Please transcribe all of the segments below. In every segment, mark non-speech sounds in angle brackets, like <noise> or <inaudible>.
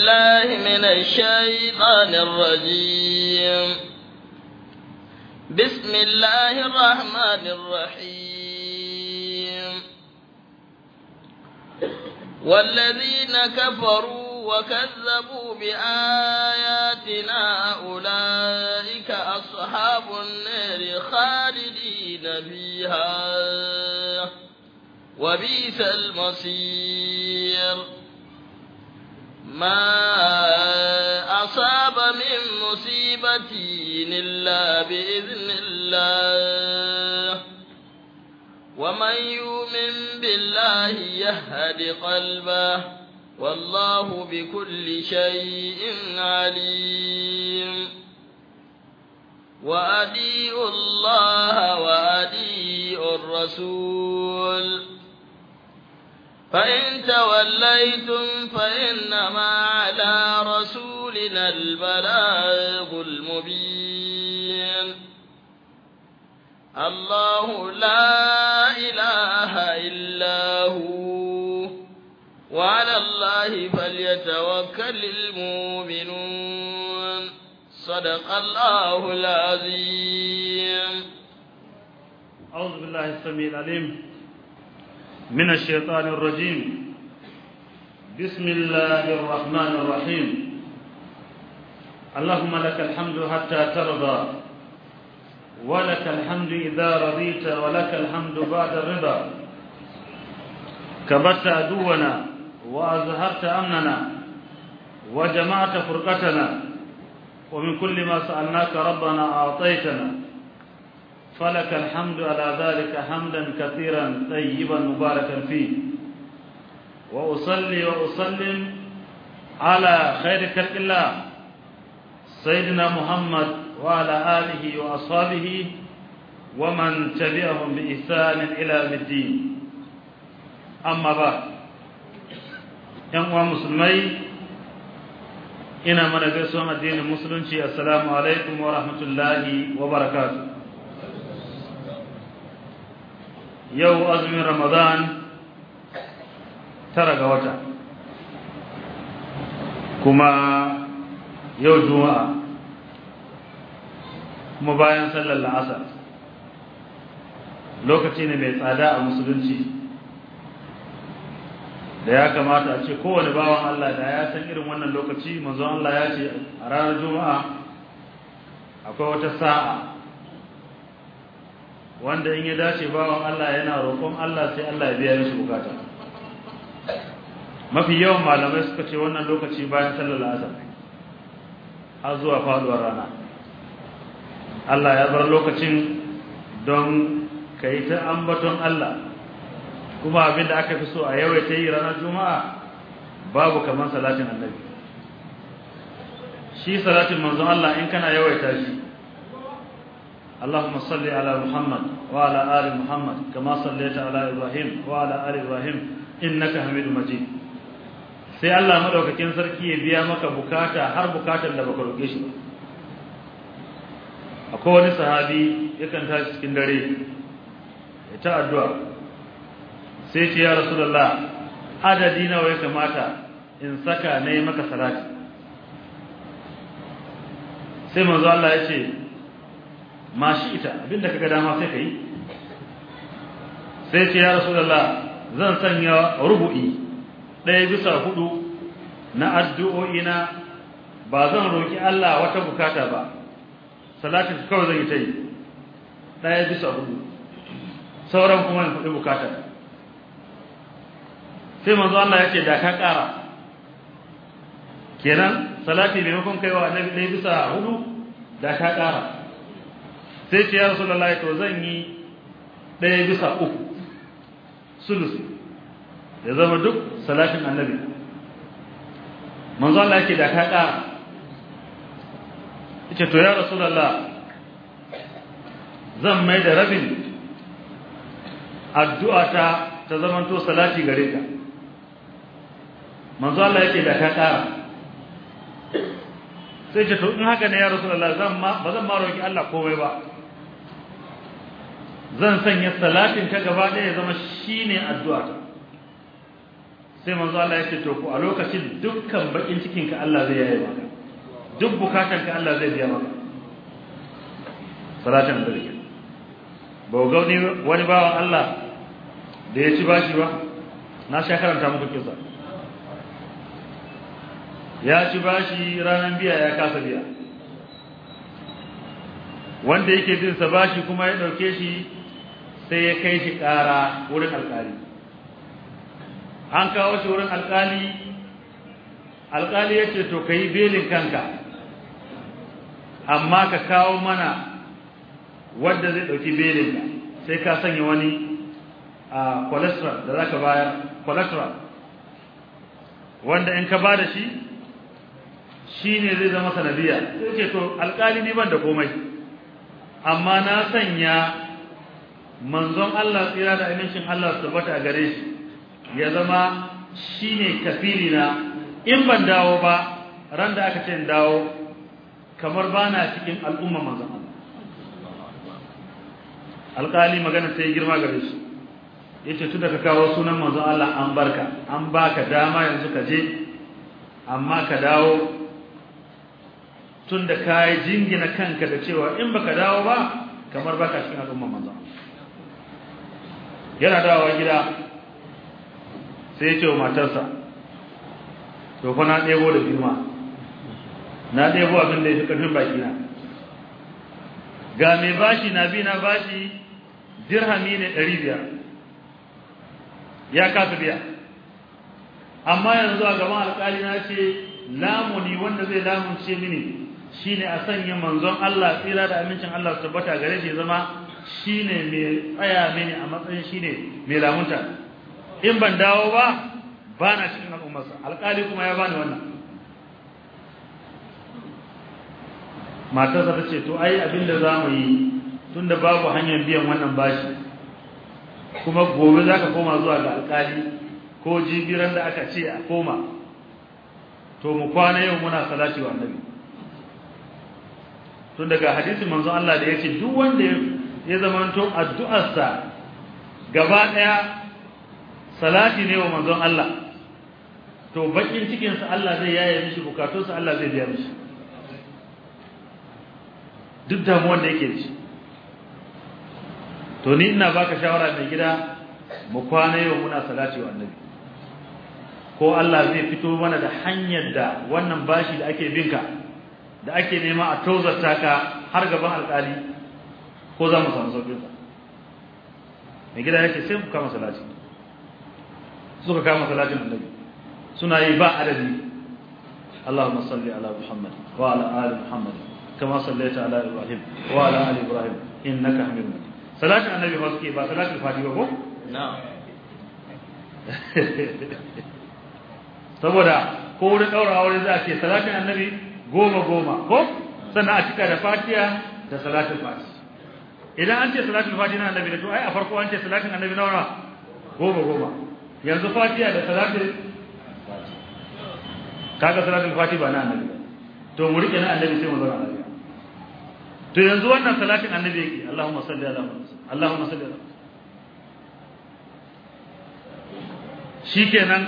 الله من الشيطان الرجيم بسم الله الرحمن الرحيم والذين كفروا وكذبوا بآياتنا أولئك أصحاب النار خالدين فيها وبئس المصير ما أصاب من مصيبة إلا بإذن الله ومن يؤمن بالله يهد قلبه والله بكل شيء عليم وأديء الله وأديء الرسول فإن توليتم فإنما على رسولنا البلاغ المبين الله لا إله إلا هو وعلى الله فليتوكل المؤمنون صدق الله العظيم أعوذ بالله السميع العليم من الشيطان الرجيم بسم الله الرحمن الرحيم اللهم لك الحمد حتى ترضى ولك الحمد إذا رضيت ولك الحمد بعد الرضا كبت أدونا وأزهرت أمننا وجمعت فرقتنا ومن كل ما سألناك ربنا أعطيتنا فلك الحمد على ذلك حمدا كثيرا طيبا مباركا فيه وأصلي وأسلم على خير خلق الله سيدنا محمد وعلى آله وأصحابه ومن تبعهم بإحسان إلى الدين أما بعد ‘yan musulmai إنا من gaisuwan الدين المسلم السلام عليكم ورحمة الله وبركاته yau azumin ramadan tara ga wata kuma yau juma'a kuma bayan sallar la'asa lokaci ne mai tsada a musulunci da ya kamata a ce kowane bawan Allah da ya san irin wannan lokaci manzo Allah ya ce a ranar juma'a akwai wata sa'a wanda in ya dace bawan Allah yana roƙon Allah sai Allah ya biya masa bukata mafi yawan malamai suka ce wannan lokaci bayan sallar asar har zuwa faduwar rana Allah ya bar lokacin don kai ta ambaton Allah kuma abinda aka fi so a yawaita yi ranar juma'a babu kamar salatin annabi shi salatin manzon Allah in kana yawaita shi اللهم صل على محمد وعلى آل محمد كما صليت على إبراهيم وعلى آل إبراهيم إنك حميد مجيد sai Allah madaukakin sarki ya biya maka bukata har bukatar da baka roke shi ba akwai wani sahabi yakan tashi cikin dare ya ta addu'a sai ce ya rasulullah adadi nawa ya kamata in saka nayi maka salati sai manzo Allah ya ce mashi ita abinda kaga dama sai kai sai ce ya rasulullah zan sanya rubu'i ɗaya bisa hudu na addu'o'ina ba zan roki Allah wata bukata ba salati kawai zan yi ta yi ɗaya bisa hudu sauran kuma in faɗi bukata sai manzo Allah yake da ka ƙara kenan salati bai maimakon kaiwa annabi ɗaya bisa hudu da ka ƙara sai ce ya rasulullahi to zan yi ɗaya bisa uku sulusi ya zama duk salashin annabi manzo Allah yake da ka ƙara yake to ya rasulullah zan mai da rabin addu'a ta ta to salati gare ka manzo Allah yake da ka ƙara sai ce to in haka ne ya rasulullah zan ma bazan ma roki Allah komai ba zan sanya salatin ta gaba da ya zama shine addu'a ta sai manzo Allah ya ce to ku a lokacin dukkan bakin cikin ka Allah zai yaye maka duk bukatan ka Allah zai biya maka salatin da rike ba ga wani wani bawan Allah da ya ci bashi ba na sha karanta muku kisa ya ci bashi ranan biya ya kasa biya wanda yake bin sa bashi kuma ya dauke shi sai ya kai shi ƙara wurin alƙali an kawo shi wurin alƙali alƙali ya ce to ka yi belin kanka amma ka kawo mana wadda zai ɗauki belin ka sai ka sanya wani a cholesterol da za ka bayar cholesterol wanda in ka ba da shi shi ne zai zama sanadiyya sai ce to alƙali ni ban da komai amma na sanya manzon Allah tsira da amincin Allah tabbata gare shi ya zama shine kafiri in ban dawo ba ran da aka ce in dawo kamar bana cikin al'umma manzon Allah alƙali magana sai girma gare shi yace tun da ka kawo sunan manzon Allah an barka an baka dama yanzu ka je amma ka dawo tun da kai jingina kanka da cewa in baka dawo ba kamar baka cikin al'umma manzon yana dawowa gida sai ya ce wa matarsa to fa na ɗebo da girma, na ɗebo abin da ya fi ƙarfin bakina ga mai bashi na bi na bashi dirhami ne ɗari biyar ya kasa biya amma yanzu a gaban alƙali na ce lamuni wanda zai lamunce mini shine a sanya manzon Allah tsira da amincin Allah su tabbata gare shi zama shine mai tsaya mini a matsayin shine mai lamunta in ban dawo ba bana cikin al'ummarsa alƙali kuma ya bani wannan matarsa ta ce to ai da za mu yi tunda babu hanyar biyan wannan bashi kuma gobe za ka koma zuwa ga alƙali ko jibiran da aka ce a koma to mu kwana yau muna salati wa annabi tun daga hadisin manzon Allah da ya ce duk wanda ya ya zamanto addu'arsa gaba daya salati ne wa manzon Allah to bakin cikin sa Allah zai yaye mishi bukatun sa Allah zai biya mishi duk da mu wanda yake ci to ni ina baka shawara mai gida mu kwana yau muna salati wa annabi ko Allah zai fito mana da hanyar da wannan bashi da ake binka da ake nema a tozarta ka har gaban alƙali ko za mu samu saukin sa mai gida yake sai ku kama salati suka kama salatin annabi suna yi ba adadi Allahumma salli ala Muhammad wa ala ali Muhammad kama sallaita ala Ibrahim wa ala ali Ibrahim innaka Hamidum Majid salatin annabi ba suke ba salatin fatiha ko na'am <laughs> saboda ko wani daura aure za a ce salatin annabi goma goma ko sannan a cika da fatiha da salatin fatiha idan an ce salatul fatiha na annabi to ai a farko an ce salatin annabi nawa goma goma yanzu fatiha da salatul kaga salatul fatiha ba na annabi to mu rike na annabi sai mu zauna annabi to yanzu wannan salatin annabi yake Allahumma salli ala Muhammad Allahumma salli ala shikenan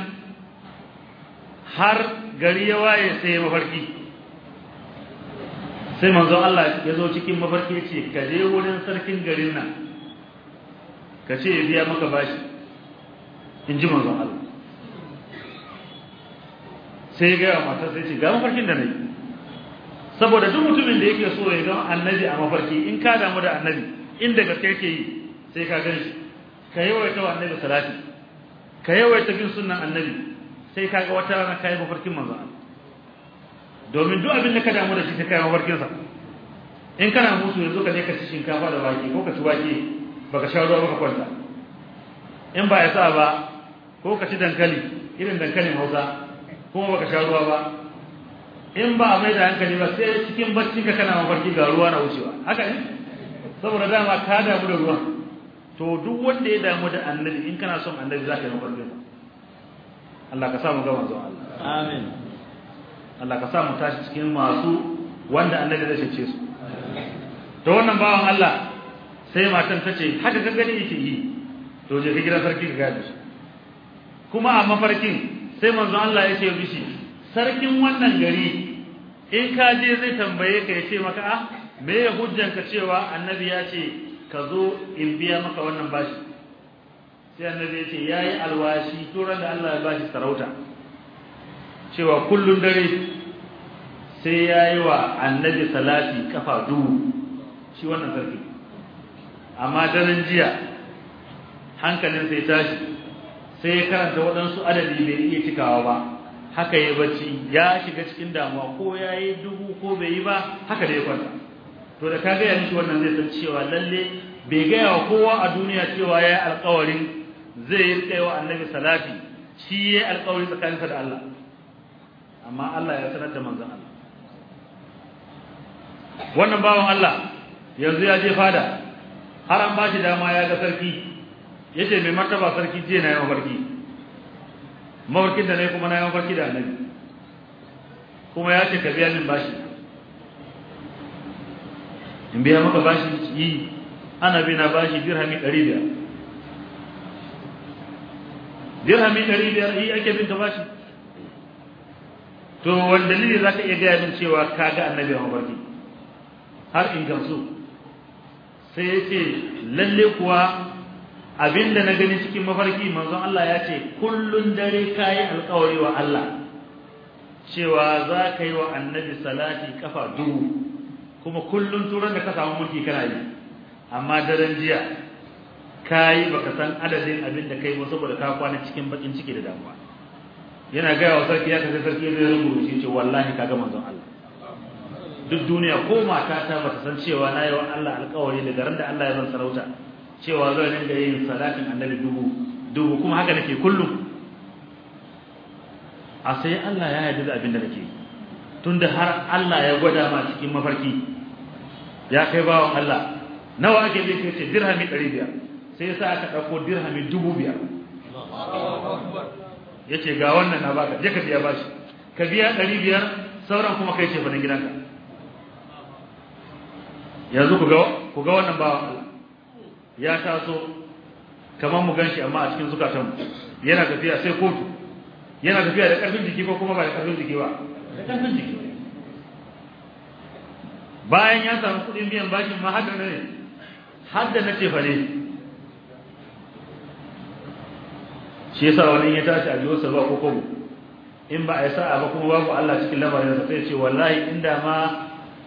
har gari ya waye sai mafarki sai manzo Allah ya zo cikin mafarki ya ce ka je wurin sarkin garin nan ka ce ya biya maka bashi in ji manzo Allah sai ga mata sai ce ga mafarkin da nake saboda duk mutumin da yake so ya ga annabi a mafarki in ka damu da annabi inda da gaske yake yi sai ka gani ka yi wa annabi salati ka yi yawaita bin sunnan annabi sai ka ga wata rana kai mafarkin manzo Allah domin duk abin da ka damu da shi sai kai mafarkin sa in kana musu yanzu ka je ka ci shinkafa da wake ko ka ci wake baka sha ruwa baka kwanta in ba ya sa ba ko ka ci dankali irin dankalin Hausa kuma baka sha ruwa ba in ba a mai da hankali ba sai cikin bacci ka kana mafarki ga ruwa na wucewa haka ne saboda dama ka damu da ruwa to duk wanda ya damu da annabi in kana son annabi zaka yi mafarkin Allah ka sa mu ga manzon Allah amin Allah ka sa mu tashi cikin masu wanda annabi zai cece su to wannan bawan Allah sai matan ta ce haka ka gani yake yi to je ka gidan sarki ka gani kuma a mafarkin sai manzo Allah ya ce bishi sarkin wannan gari in ka je zai tambaye ka ya ce maka ah me ya hujjanka cewa annabi ya ce ka zo in biya maka wannan bashi sai annabi ya ce yayi alwashi turan da Allah ya bashi sarauta cewa kullun dare sai yayi wa annabi salati kafa duhu shi wannan sarki amma daren jiya hankalin sai tashi sai ya karanta waɗansu adadi bai iya cikawa ba haka ya bacci ya shiga cikin damuwa ko yayi duhu ko bai yi ba haka da ya kwanta to da kaga gaya mishi wannan zai san cewa lalle bai gaya wa kowa a duniya cewa yayi alƙawarin zai yi tsayawa annabi salati shi yayi alƙawarin tsakaninsa da Allah amma Allah ya sanar da manzon Allah wannan bawan Allah yanzu ya je fada har an bashi dama ya ga sarki yace mai martaba sarki je na yawan barki mawarkin da ne kuma na yawan barki da annabi kuma ya ce ka biya min bashi in biya maka bashi yi ana bi na bashi dirhami 500 dirhami 500 yi ake bin ka bashi to wanda dalili zaka iya gaya min cewa ka ga annabi a mafarki har in gansu sai yace lalle kuwa abinda na gani cikin mafarki manzon Allah ya ce kullum dare kai alƙawari wa Allah cewa za ka yi wa annabi salati kafa duhu, kuma kullum turan da ka samu mulki kana yi amma daren jiya kai baka san adadin abinda kai ba saboda ka kwana cikin bakin ciki da damuwa yana gaya wa sarki ya kace sarki ya zai shi ce wallahi kaga manzon Allah duk duniya ko mata ta bata san cewa na yi wa Allah alƙawari da garin da Allah ya zan sarauta cewa zan dinga yin salatin annabi dubu dubu kuma haka nake kullum a sai Allah ya yarda da abin da nake tunda har Allah ya gwada ma cikin mafarki ya kai wa Allah nawa ake zai ce dirhami 500 sai yasa aka dauko dirhami 2000 yace ga wannan na baka je ka biya bashi ka biya 500 sauran kuma kai ce fa nan gidanka yanzu ku ga ku ga wannan ba Allah ya taso kamar mu ganshi amma a cikin zukatan yana tafiya sai kotu yana tafiya da karfin jiki ko kuma ba da karfin jiki ba da karfin jiki bayan ya samu kudin biyan bashin ma haka ne har da na ce fa ne shi yasa wani ya tashi a jiyosa ba ko kobo in ba a yi sa'a ba kuma babu Allah cikin lamarin sa sai ce wallahi inda ma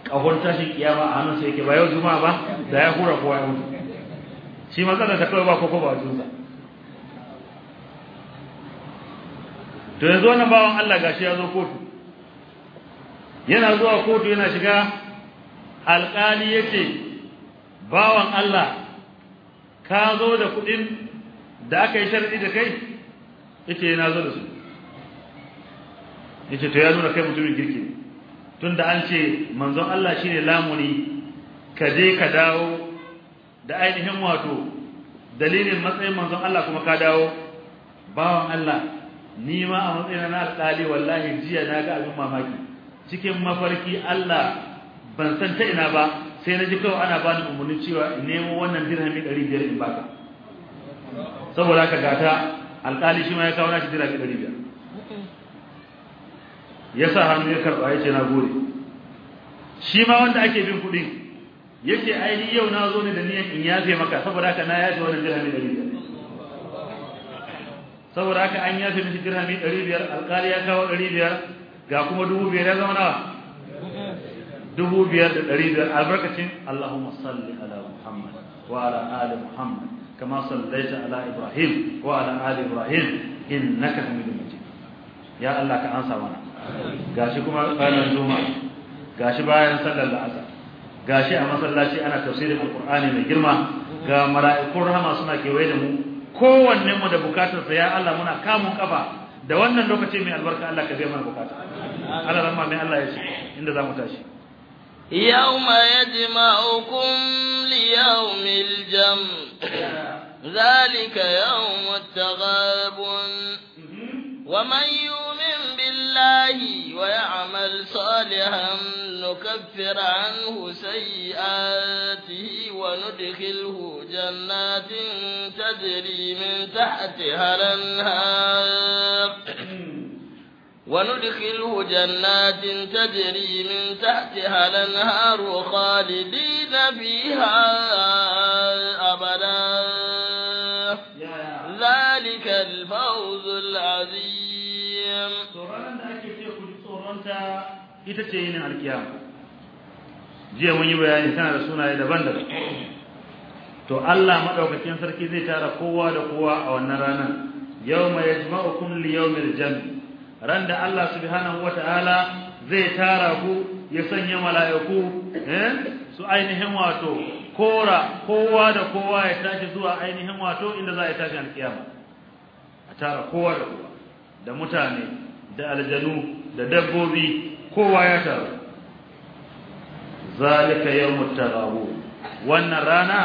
kahon tashin kiyama a hannunsa yake ba yau juma'a ba da ya hura kowa ya mutu shi matsalar ta kawai ba ko kobo a jinsa to yanzu wannan bawan Allah gashi ya zo kotu yana zuwa kotu yana shiga alƙali yace bawan Allah ka zo da kuɗin da aka yi sharadi da kai yake na zo da su yake to ya nuna kai mutumin girki ne tunda an ce manzon Allah shine lamuni ka je ka dawo da ainihin wato dalilin matsayin manzon Allah kuma ka dawo bawan Allah ni ma a matsayin na alƙali wallahi jiya na ga abin mamaki cikin mafarki Allah ban san ta ina ba sai na ji kawai ana ba ni umarnin cewa nemo wannan dirhami 500 in baka saboda ka gata alƙali shi ma ya kawo nashi dira ɗari biyar ya sa hannu ya karɓa ya ce na gode shi ma wanda ake bin kuɗin ya ce ainihin yau na zo ne da niyan in yafe maka saboda haka na yafe wani dira ɗari biyar saboda haka an yafe mishi dira ɗari biyar alƙali ya kawo ɗari biyar ga kuma dubu biyar ya zama nawa dubu biyar da ɗari biyar albarkacin Allahumma salli ala Muhammad wa ala ali Muhammad كما صليت على ابراهيم وعلى ال ابراهيم انك حميد مجيد يا الله كأنسى وانا gashi kuma ranar juma'a gashi bayan sallar la'asar gashi a masallaci ana tafsirin alqur'ani mai girma ga mala'ikun rahama suna kewaye da mu kowannen mu da bukatarsa ya Allah muna kamun kafa da wannan lokaci mai albarka Allah ka biya mana bukata Allah rahma mai Allah ya ce inda zamu tashi يوم يجمعكم ليوم الجمع ذلك يوم التغاب ومن يؤمن بالله ويعمل صالحا نكفر عنه سيئاته وندخله جنات تجري من تحتها الانهار وندخله جنات تجري من تحتها الانهار خالدين فيها أبدا ذلك الفوز العظيم jiya mun yi bayani tana da sunaye daban-daban to Allah madaukakin sarki zai tara kowa da kowa a wannan ranar yawma yajma'ukum liyawmil jam'i ran da Allah subhanahu wataala zai tara ku ya sanya mala'iku eh su ainihin wato kora kowa da kowa ya tashi zuwa ainihin wato inda za a tashi kiyama a tara kowa da kowa da mutane da aljanu da dabbobi kowa ya tara zalika yawmut taghabu wannan rana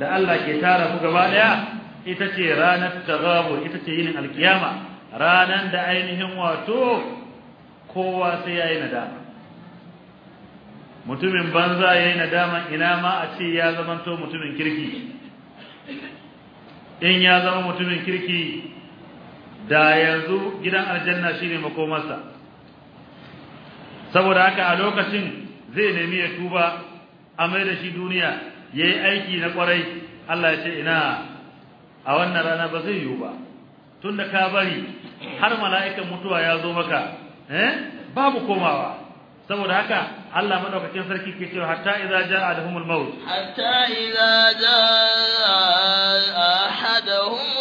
da Allah ke tara ku gaba daya ita ce ranar taghabu ita ce yin alkiyama ranan da ainihin wato kowa sai yayi nadama mutumin banza yayi nadama ina ma a ce ya zama to mutumin kirki in ya zama mutumin kirki da yanzu gidan aljanna shine makomarsa saboda haka a lokacin zai nemi ya tuba a mai da shi duniya yayi aiki na kwarai Allah ya ce ina a wannan rana ba zai yiwu ba tunda ka bari har mala'ikan mutuwa ya zo maka eh babu komawa saboda haka Allah madaukakin sarki ke cewa hatta idza jaa adhumul maut hatta idza jaa ahaduhum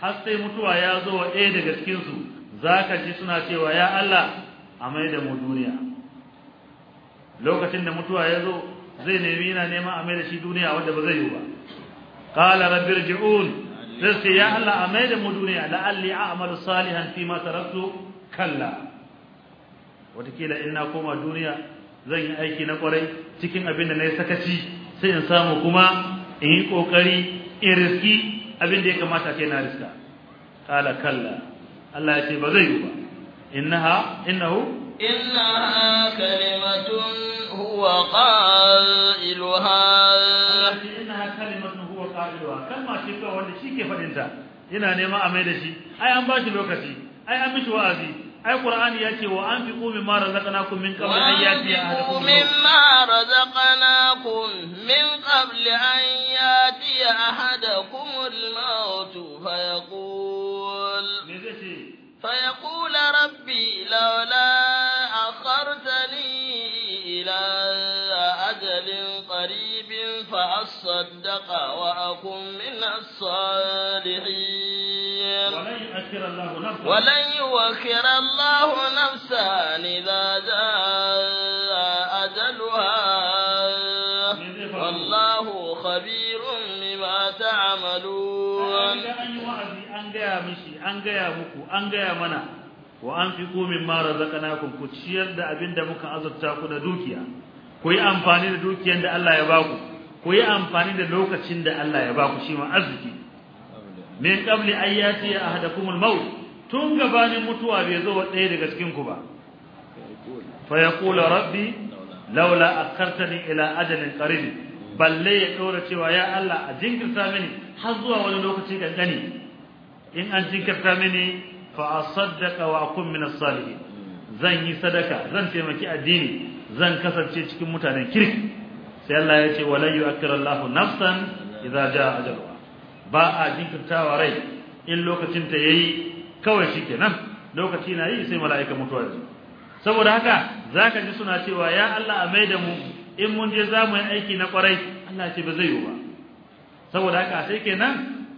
har sai mutuwa ya zo wa ɗaya daga cikin su zaka ji suna cewa ya Allah a mai da mu duniya lokacin da mutuwa ya zo zai nemi yana neman a mai da shi duniya wanda ba zai yi ba qala rabbirji'un sai ya Allah a mai da mu duniya alli a'malu salihan fi ma taraktu kalla watakila in na koma duniya zan yi aiki na kwarai cikin abin da na yi sakaci sai in samu kuma in yi kokari in riski abin da ya kamata kai na riska Kala kalla Allah ya ce ba zai yi ba innaha innahu illa kalimatun huwa qailuha innaha kalimatun huwa qailuha kalma ce kawai wanda shi ke fadin ta ina neman a mai da shi ai an ba shi lokaci ai an mishi wa'azi ai qur'ani yace wa anfiqu mimma razaqnakum min qabli an yati ahadakum mimma razaqnakum min qabli an yati ahadakum al-maut fa yaqul fa yaqul rabbi lawla akhartani ila ajalin qaribin fa asaddaqa wa akun min as-salihin يؤخر الله نفسا ولن يؤخر الله نفسا إذا جاء أجلها والله خبير بما تعملون an gaya mishi an gaya muku an gaya mana wa an fi komin mara razaqnakum ku ciyar da abin da muka azurta ku da dukiya ku yi amfani da dukiyar da Allah ya baku ku yi amfani da lokacin da Allah ya baku shi ma arziki min qabli ayati ahadakumul maut tun gabanin mutuwa bai zo wa ɗaya daga cikin ku ba fa kula rabbi laula akhartani ila ajalin qarib balle ya dora cewa ya Allah a jinkirta mini har zuwa wani lokaci gangani in an jinkirta mini fa asaddaqa wa akun min as-salihin zan yi sadaka zan taimaki addini zan kasance cikin mutanen kirki sai Allah ya ce walan yu'akkirallahu nafsan idza jaa ajaluha ba a jinkirtawa rai in lokacin ta yayi kawai shikenan lokaci na yi sai malaika mutuwa ji saboda haka zaka ji suna cewa ya Allah a maida mu in mun je zamu yi aiki na kwarai Allah ce ba zai yi ba saboda haka sai kenan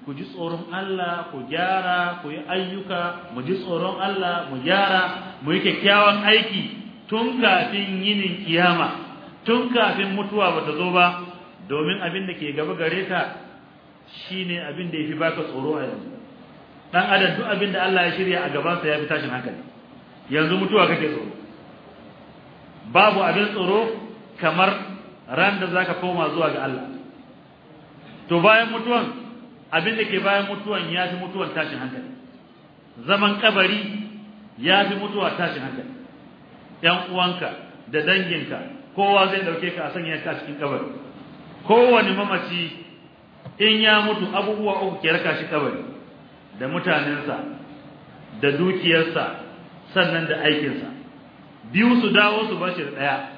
ku ji tsoron Allah ku gyara ku yi ayyuka mu ji tsoron Allah mu gyara mu yi kyakkyawan aiki tun kafin yinin kiyama tun kafin mutuwa bata zo ba domin abin da ke gaba gare ta shine abin da yafi baka tsoro a yanzu dan adam duk abin da Allah ya shirya a gaban sa yafi tashin hankali yanzu mutuwa kake tsoro babu abin tsoro kamar ran da zaka koma zuwa ga Allah to bayan mutuwan abin da ke bayan mutuwan yafi mutuwan tashin hankali zaman kabari yafi mutuwa tashin hankali yan uwanka da danginka kowa zai dauke ka a sanya ka cikin kabari Kowani mamaci in ya mutu abubuwa uku ke raka shi kabari da mutanensa da dukiyarsa sannan da aikinsa biyu su dawo su bashi daya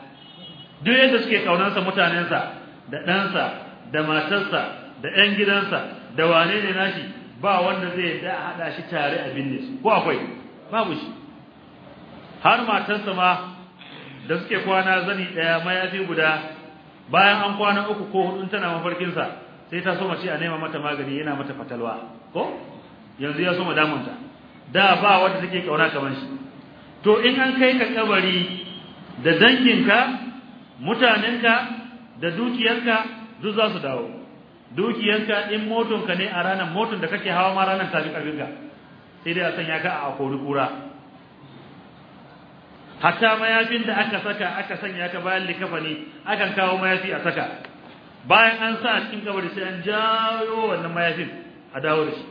duk yadda suke kaunansa mutanensa da ɗansa da matarsa da ƴan gidansa da wane ne nashi ba wanda zai yadda a hada shi tare a binne su ko akwai babu shi har matarsa ma da suke kwana zani daya mayafi guda bayan an kwana uku ko hudu tana mafarkinsa sai ta so mace a nema mata magani yana mata fatalwa ko yanzu ya so madamunta da ba wanda take kauna kaman shi to in an kai ka kabari da danginka mutanenka da dukiyarka duk za su dawo dukiyarka in motonka ne a ranar moton da kake hawa ma ranar tafi ka sai dai a sanya ka a akori kura hatta mayafin da aka saka aka sanya ka bayan likafani akan kawo mayafi a saka bayan an sa a cikin kabari sai an jawo wannan mayafin a dawo da shi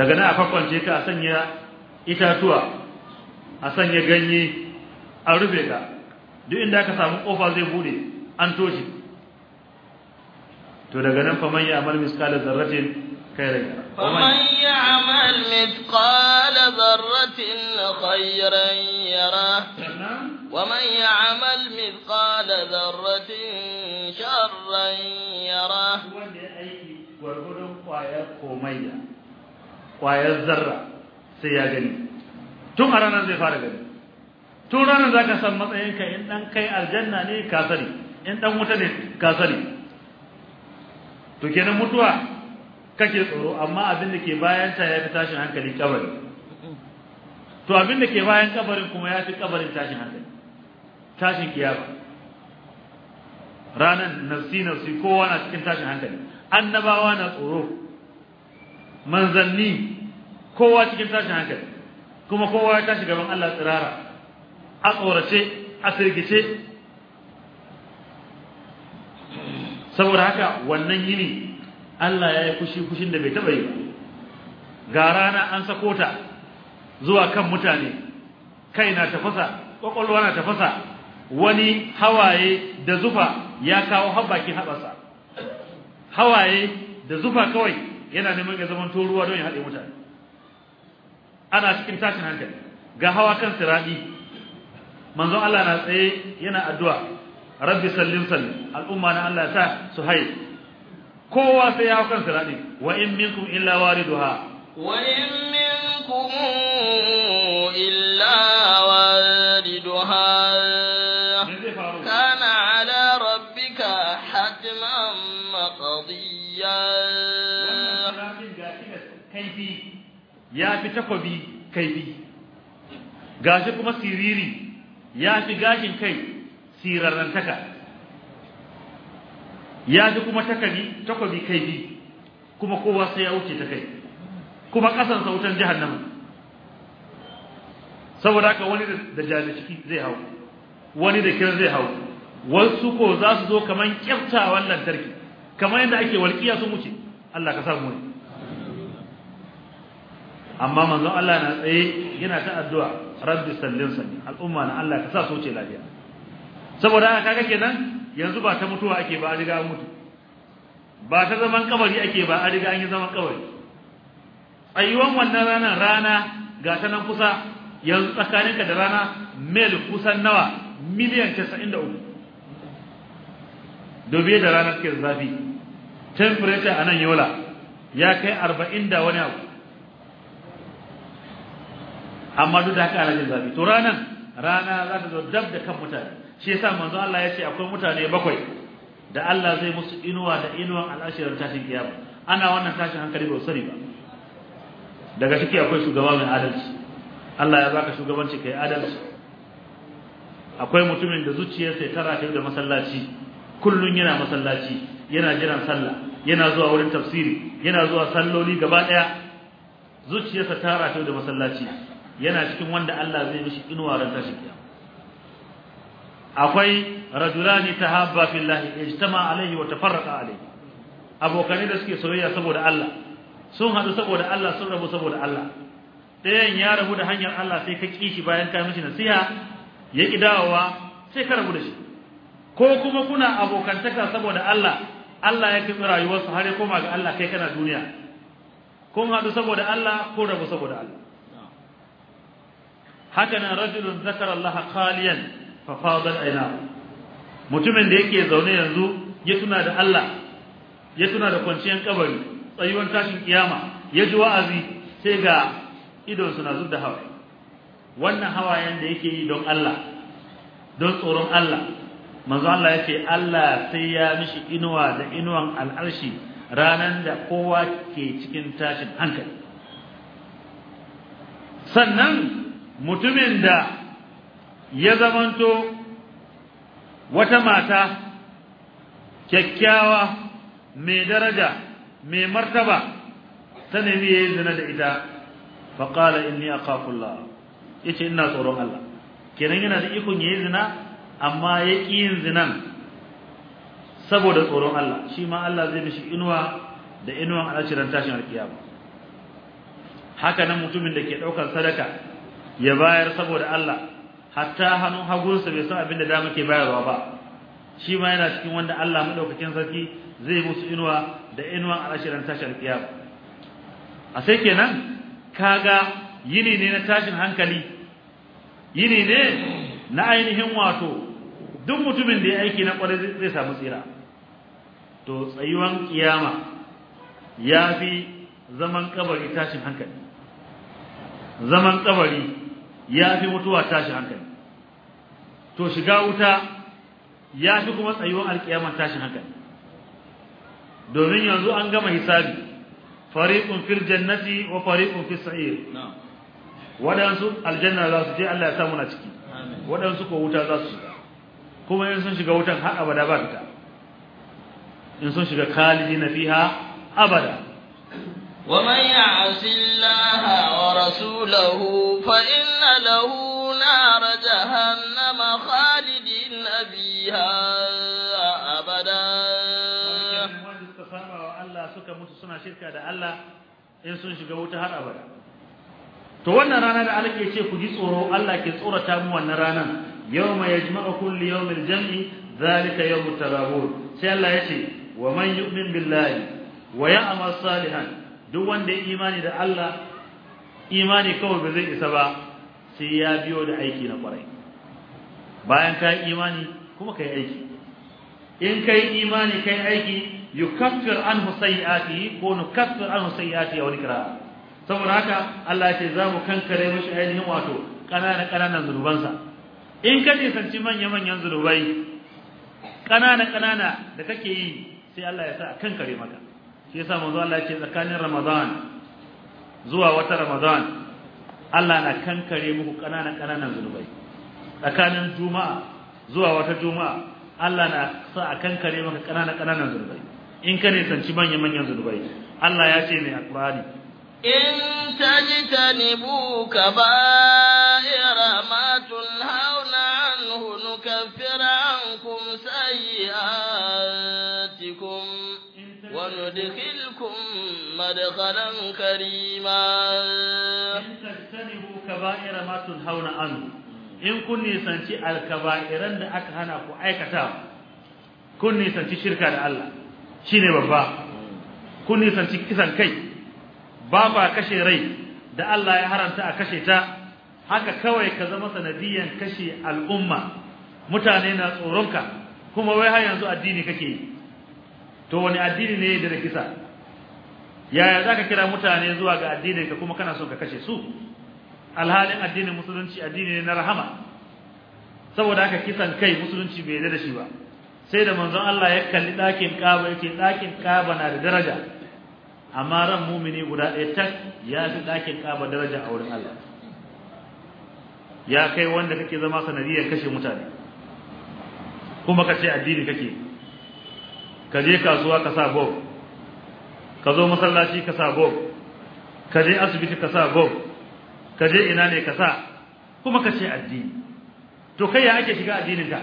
daga nan a kwakwance ka a sanya itatuwa a sanya ganye a rufe ka duk inda aka samu kofa zai bude an toshe to daga nan fa man ya'mal misqala zarratin khairan fa man ya'mal misqala zarratin khairan yara ومن يعمل مثقال ذرة شرا يره gwargwadon kwayar komayya kwayar zarra sai ya gani tun a ranar zai fara gani tun ranar za ka san matsayinka in ɗan kai aljanna ne ka sani in ɗan wuta ne ka sani to kenan mutuwa kake tsoro amma abin da ke bayan ta ya fi tashin hankali kabari to abin da ke bayan kabarin kuma ya fi kabarin tashin hankali tashin kiyama ranan nafsi nafsi kowa na cikin tashin hankali annabawa na tsoro manzanni kowa cikin tashin hankali kuma kowa ya tashi gaban Allah tsirara a tsorace a sirgice saboda haka wannan yini Allah ya yi kushi kushin da bai taba yi ga rana an sako ta zuwa kan mutane kai na tafasa kwakwalwa na tafasa wani hawaye da zufa ya kawo habbakin habasa hawaye da zufa kawai yana neman ya zaman ruwa don ya haɗa mutane ana cikin tashin hankali ga hawa kan siradi manzon Allah na tsaye yana addu'a rabbi sallim sallim al'umma na Allah ta su haye kowa sai ya hawa kan siradi wa in minkum illa wariduha wa in minkum ya fi takwabi kaifi gashi kuma siriri ya fi gashin kai sirarrantaka ya fi kuma takabi takwabi kaifi kuma kowa sai ya wuce ta kai kuma kasan sautan jahannama saboda haka wani da ciki zai hau wani da kiran zai hau wasu ko za su zo kaman kyaftawan lantarki kamar yadda ake walƙiya sun wuce Allah ka samu wani amma manzon Allah na tsaye yana ta addu'a rabbi sallin sani al'umma na Allah ka sa su ce lafiya saboda haka kaga kenan yanzu ba ta mutuwa ake ba a riga an mutu ba ta zaman kabari ake ba a riga an yi zaman kabari ayyuwan wannan ranar rana ga ta nan kusa yanzu tsakaninka da rana mil kusan nawa miliyan 93 dobi da ranar ke zafi temperature a nan yola ya kai 40 da wani abu amma duk da haka ana jin zafi to ranan rana za ta zo dab da kan mutane shi yasa manzo Allah ya ce akwai mutane bakwai da Allah zai musu inuwa da inuwan ta tashin kiyama ana wannan tashin hankali ba sani ba daga ciki akwai shugaba mai adalci Allah ya baka shugabanci kai adalci akwai mutumin da zuciyarsa ta rataye da masallaci kullun yana masallaci yana jiran sallah yana zuwa wurin tafsiri yana zuwa salloli gaba daya zuciyarsa ta rataye da masallaci yana cikin wanda Allah zai mishi inuwa ran tashi kiyama akwai rajulani tahabba fillahi ijtama alaihi wa tafarraqa alaihi abokanai da suke soyayya saboda Allah sun hadu saboda Allah sun rabu saboda Allah dayan ya rabu da hanyar Allah sai ka kishi bayan ka mishi nasiha ya kidawa sai ka rabu da shi ko kuma kuna abokantaka saboda Allah Allah ya kifi rayuwarsa har ya koma ga Allah kai kana duniya kun hadu saboda Allah ko rabu saboda Allah haka rajulun zakara Allah khaliyan fa fadat aina mutumin da yake zaune yanzu ya tuna da Allah ya tuna da kwanciyar kabari tsayuwar tashin kiyama ya ji wa'azi sai ga idon suna zub hawa wannan hawayen da yake yi don Allah don tsoron Allah manzo Allah yace Allah sai ya mishi inuwa da inuwan al'arshi ranan da kowa ke cikin tashin hankali sannan mutumin da ya zamanto wata mata kyakkyawa mai daraja mai martaba ta nemi yayin zina da ita fa qala inni aqafullah yace ina tsoron Allah kenan yana da ikon ya yi zina amma ya ki yin zinan saboda tsoron Allah shi ma Allah zai mishi inuwa da inuwan alshiran tashin alkiyama haka nan mutumin da ke ɗaukar sadaka ya bayar saboda Allah hatta hannun hagunsa bai san abin da dama ke bayarwa ba shi ma yana cikin wanda Allah madaukakin sarki zai musu inuwa da inuwan al'ashirin tashin kiyam a sai kenan kaga yini ne na tashin hankali yini ne na ainihin wato duk mutumin da ya aiki na kwarai zai samu tsira to tsayuwan kiyama ya fi zaman kabari tashin hankali zaman kabari ya fi mutuwa tashi hankali to shiga wuta ya fi kuma tsayuwar alkiyama tashi hankali domin yanzu an gama hisabi fariqun fil jannati wa fariqun fis sa'ir wadansu aljanna za su je Allah ya sa muna ciki wadansu ko wuta za su shiga kuma in sun shiga wutan har abada ba fita in sun shiga khalidina fiha abada ومن يعص الله ورسوله فإن له نار جهنم خالد أبيها أبدا suka mutu suna shirka da Allah in sun shiga wuta har abada to wannan rana da Allah ke ce ku ji tsoro Allah ke tsorata mu wannan ranan yawma yajma'ukum li yawmil jam'i zalika yawmut tarahur sai Allah yace wa man yu'min billahi wa ya'mal salihan duk wanda ya imani da Allah imani kawai ba zai isa ba sai ya biyo da aiki na kwarai bayan kai imani kuma kai aiki in kai imani kai aiki yukaffir anhu sayi'atihi ko nukaffir anhu sayi'atihi wa nikra saboda haka Allah ya ce za mu kankare mishi ainihin wato kanana ƙananan zunubansa in ka nisanci manya manyan zunubai ƙanana ƙanana da kake yi sai Allah ya sa kankare maka shi yasa manzo Allah yake tsakanin Ramadan zuwa wata Ramadan Allah na kankare muku kananan kananan zunubai tsakanin Juma'a zuwa wata Juma'a Allah na sa a kankare maka kananan kananan zunubai in ka ne sanci manyan manyan zunubai Allah ya ce mai Qur'ani in tajtanibu kaba'ira ma مدخلا كريما تجتنبوا كبائر ما تنهون عنه إن كني سنتي الكبائر أن أكهنا أي كتاب كني سنتي شركة الله شيني بابا كني سنتي كسان كي بابا كشي ري دا الله يحرم تا كشي تا haka kawai ka zama sanadiyan kashi al'umma mutane na tsoronka kuma wai har yanzu addini kake to wani addini ne da kisa yaya zaka kira mutane zuwa ga addinin ka kuma kana so ka kashe su alhalin addinin musulunci addini ne na rahama saboda haka kisan kai musulunci bai yarda da shi ba sai da manzon Allah ya kalli dakin Kaaba yake dakin Kaaba na da daraja amma ran mumini guda ɗaya tak ya fi dakin Kaaba daraja a wurin Allah ya kai wanda kake zama sanadiyar kashe mutane kuma kace addini kake ka je kasuwa ka sa bob ka zo masallaci ka sa gob ka je asibiti ka sa gob ka je ina ne ka sa kuma ka ce addini to kai ya ake shiga addinin ka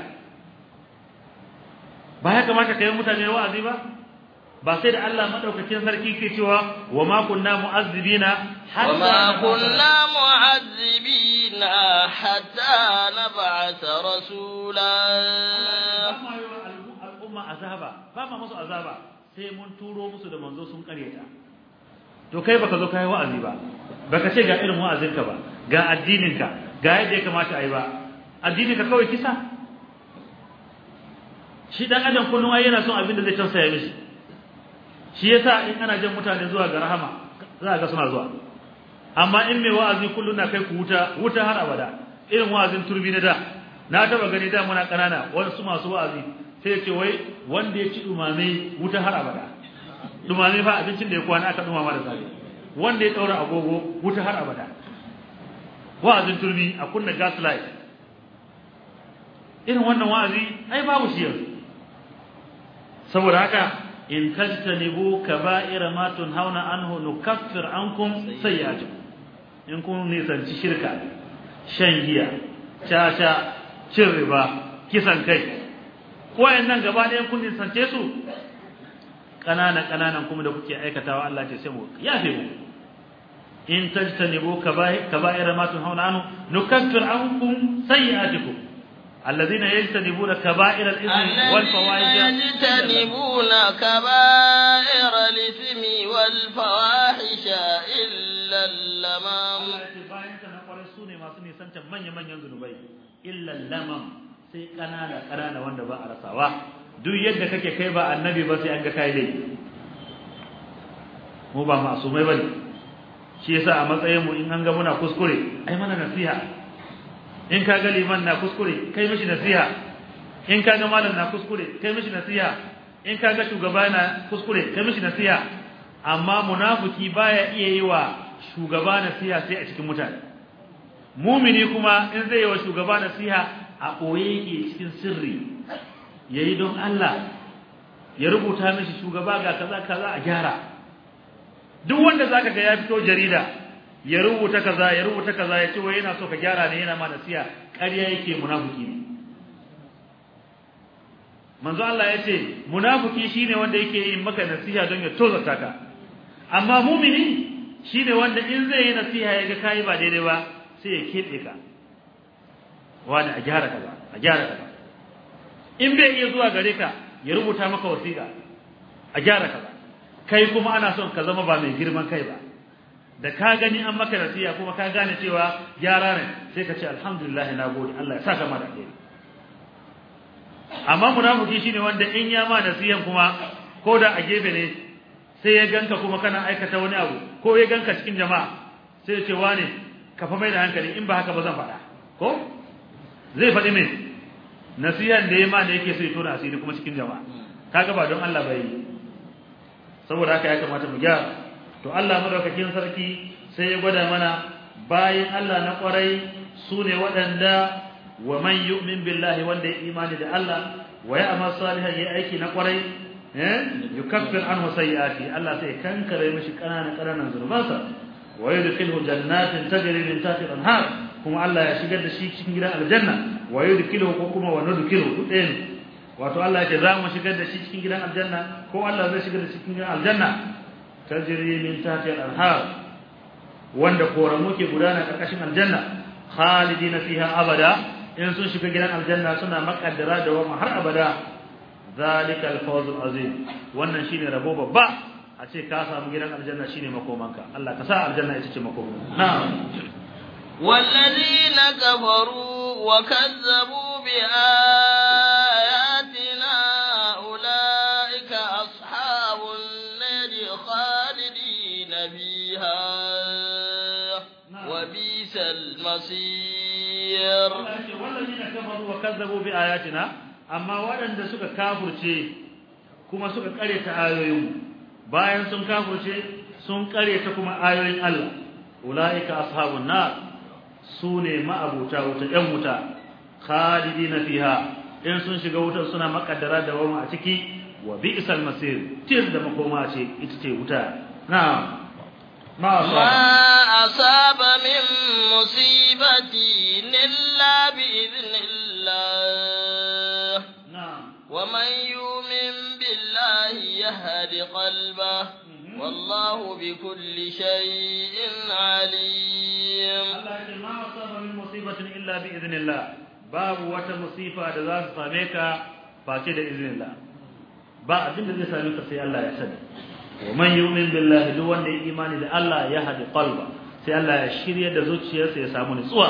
ba ya kamata ka yi mutane wa'azi ba ba sai da Allah madaukakin sarki ke cewa wa ma kunna mu'azzibina hatta wa ma kunna mu'azzibina hatta ba ma azaba ba ma musu azaba sai mun turo musu da manzo sun kareta to kai baka zo kai wa'azi ba baka ce ga irin wa'azinka ba ga addininka ga yadda ya kamata yi ba addininka kawai kisa shi dan adam kullum ai yana son abin da zai tausaya mishi shi yasa in ana jin mutane zuwa ga rahama za ga suna zuwa amma in mai wa'azi kullun na kai ku wuta wuta har abada irin wa'azin turbi na da na taba gani da muna kanana wasu masu wa'azi sai ce wai wanda ya ci dumame wuta har abada dumame fa abincin da ya kwana aka dumama da safe wanda ya daura agogo wuta har abada wa'azin turmi a kunna gas light irin wannan wa'azi ai babu shi yanzu saboda haka in tajtanibu kaba'ira ma tunhauna anhu nukaffir ankum sayyi'atikum in kun nisanci shirka shan giya caca cin riba kisan kai wayannan gaba ɗaya kun nisance su kanana kanana kuma da kuke aikatawa Allah ce sai mu ya fi mu in tajtanibu kaba'ira ma tunhauna anhu nukaffir ankum sayi'atikum الذين يجتنبون كبائر الإثم والفواحش يجتنبون كبائر الإثم manyan manyan اللمم illa lamam sai kanana kanana wanda ba a rasawa duk yadda kake kai ba annabi ba sai an ga kai dai mu ba masumai bane shi yasa a matsayin mu in an ga muna kuskure ai mana nasiha in ka ga liman na kuskure kai mishi nasiha in ka ga malam na kuskure kai mishi nasiha in ka ga shugaba na kuskure kai mishi nasiha amma munafiki baya iya yi wa shugaba nasiha sai a cikin mutane mumini kuma in zai yi wa shugaba nasiha a koye yake cikin sirri yayi don Allah ya rubuta mishi shugaba ga kaza kaza a gyara duk wanda zaka ga ya fito jarida ya rubuta kaza ya rubuta kaza ya ce wai yana so ka gyara ne yana ma nasiya ƙarya yake munafiki ne manzo Allah ya ce munafiki shine wanda yake yin maka nasiha don ya tozarta ka amma mu'mini shine wanda in zai yi nasiha ya ga kai ba daidai ba sai ya kebe ka wani a gyara kaza a gyara kaza in bai iya zuwa gare ka ya rubuta maka wasiƙa a gyara kaza kai kuma ana son ka zama ba mai girman kai ba da ka gani an maka nasiya kuma ka gane cewa gyara ne sai ka ce alhamdulillah na gode Allah ya saka mana alheri amma munafiki shine wanda in ya ma nasiyan kuma ko da a gebe ne sai ya ganka kuma kana aikata wani abu ko ya ganka cikin jama'a sai ya ce wane ka fa mai da hankali in ba haka ba zan faɗa ko zai faɗi min nasiyan da yema da yake so ya tona asiri kuma cikin jama'a hmm. kaga ba don Allah bai saboda haka ya kamata mu gyara to Allah madaukakin sarki sai ya gwada mana bayan Allah na kwarai sune waɗanda wa man yu'min billahi wanda ya imani da Allah wa ya amal salihan ya aiki na kwarai eh hmm. yukaffir anhu sayyi'ati Allah sai kankare mishi kananan kananan zurbansa wa yadkhilhu jannatin tajri min tahtiha al-anhar kuma Allah ya shigar da shi cikin gidan aljanna wa yudkiluhu ko kuma wa nudkiluhu ɗayan wato Allah yake za mu shigar da shi cikin gidan aljanna ko Allah zai shigar da shi cikin gidan aljanna tajri min tahtiha al-anhar wanda koramu ke gudana karkashin aljanna khalidina fiha abada in sun shiga gidan aljanna suna makaddara da wa har abada zalika al-fawz al-azim wannan shine rabo babba a ce ka samu gidan aljanna shine makomanka Allah ka sa aljanna ita ce makomanka na'am والذين كفروا وكذبوا بآياتنا أولئك أصحاب النار خالدين فيها وبيس المصير والذين كفروا وكذبوا بآياتنا أما ورد سكة كافر شيء كما سكة قرية آيوين باين سن كافر شيء سن قرية كما آيوين الله أولئك أصحاب النار sune ma'abuta wuta ɗan wuta khalidina fiha in sun shiga wutar suna makaddara da wama a ciki wa bi'sal masir tir da makoma ce ita ce wuta na'am ma min musibati illa bi idnillah na'am wa man yu'min billahi yahdi qalbahu mhm. wallahu bi kulli shay'in alim illa bi iznillah babu wata musifa da za su same ka face da iznillah ba abin da zai same ka sai Allah ya sani wa man yu'min billahi duk wanda ya imani da Allah ya hadi qalba sai Allah ya shirye da zuciyarsa ya samu nutsuwa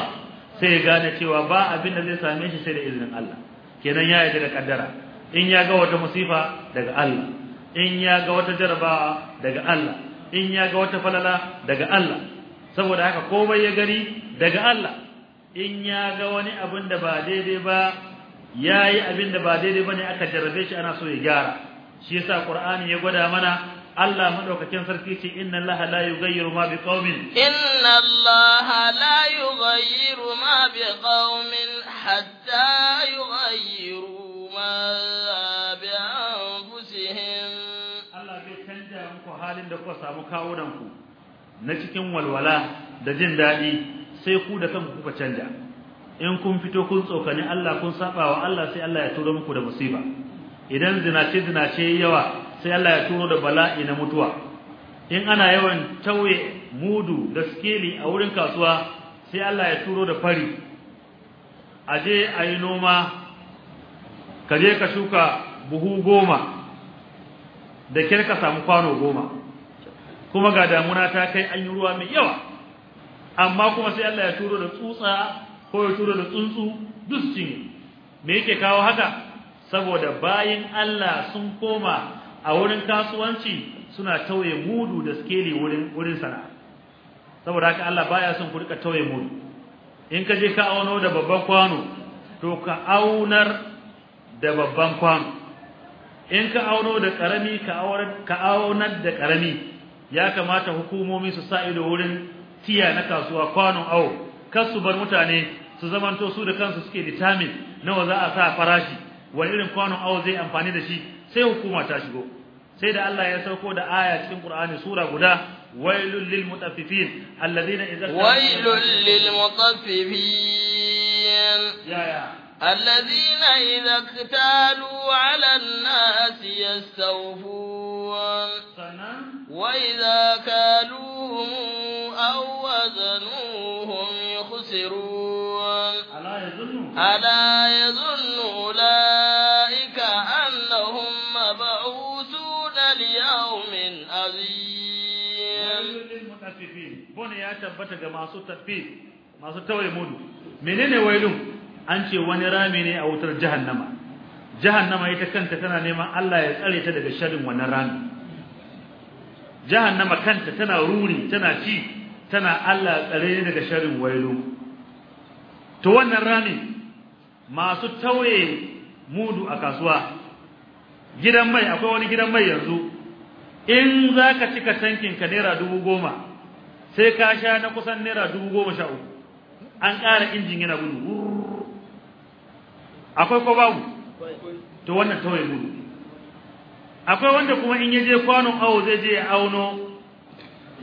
sai ya gane cewa ba abin da zai same shi sai da izinin Allah kenan ya yarda da kaddara in ya ga wata musifa daga Allah in ya ga wata jarabawa daga Allah in ya ga wata falala daga Allah saboda haka komai ya gari daga Allah in ya ga wani abin da ba daidai ba yayi abin da ba daidai bane aka jarrabe shi ana so ya gyara shi yasa qur'ani ya gwada mana Allah madaukakin sarki ce inna Allah la yughayyiru ma biqaumin inna Allah la yughayyiru ma biqaumin hatta yughayyiru ma bi anfusihim Allah bai canja muku halin da kuka samu kawunan ku na cikin walwala da jin dadi sai ku da kanku kuka canja in kun fito kun tsokani Allah kun saba wa Allah sai Allah ya turo muku da musiba idan zinace zinace yawa sai Allah ya turo da bala'i na mutuwa in ana yawan tauye mudu da skeli a wurin kasuwa sai Allah ya turo da fari aje ayi noma kaje ka shuka buhu goma da kirka samu kwano goma kuma ga damuna ta kai an yi ruwa mai yawa amma kuma sai Allah ya turo da tsutsa ko ya turo da tsuntsu duk cin me yake kawo haka saboda bayin Allah sun koma a wurin kasuwanci suna tauye mudu da skeli wurin wurin sana'a saboda haka Allah baya son ku rika tauye mudu in ka je ka auno da babban kwano to ka aunar da babban kwano in ka auno da karami ka aunar ka aunar da karami ya kamata hukumomi su sa ido wurin tiya na kasuwa kwano au kar bar mutane su zamanto su da kansu suke determine nawa za a sa farashi wani irin kwano au zai amfani da shi sai hukuma ta shigo sai da Allah ya sauko da aya cikin Qur'ani sura guda wailul lil mutaffifin alladhina idza wailul lil mutaffifin ya ya الذين إذا اقتالوا على الناس يستوفون وإذا كالوهم ألا يظن أولئك أنهم مبعوثون ليوم عظيم بني ya tabbata ga masu tafif masu tawaye mudu menene wailun an ce wani rami ne a wutar jahannama jahannama ita kanta tana neman Allah ya tsare ta daga sharrin wannan rami jahannama kanta tana ruri tana ci tana Allah tsare ta daga sharrin wailun to wannan rami masu tauye mudu a kasuwa gidan mai akwai wani gidan mai yanzu in zaka cika tankin ka naira goma, sai ka sha na kusan naira uku, an ƙara injin yana gudu akwai ko babu to wannan tauye mudu akwai wanda kuma in yaje kwanon awo zai je ya auno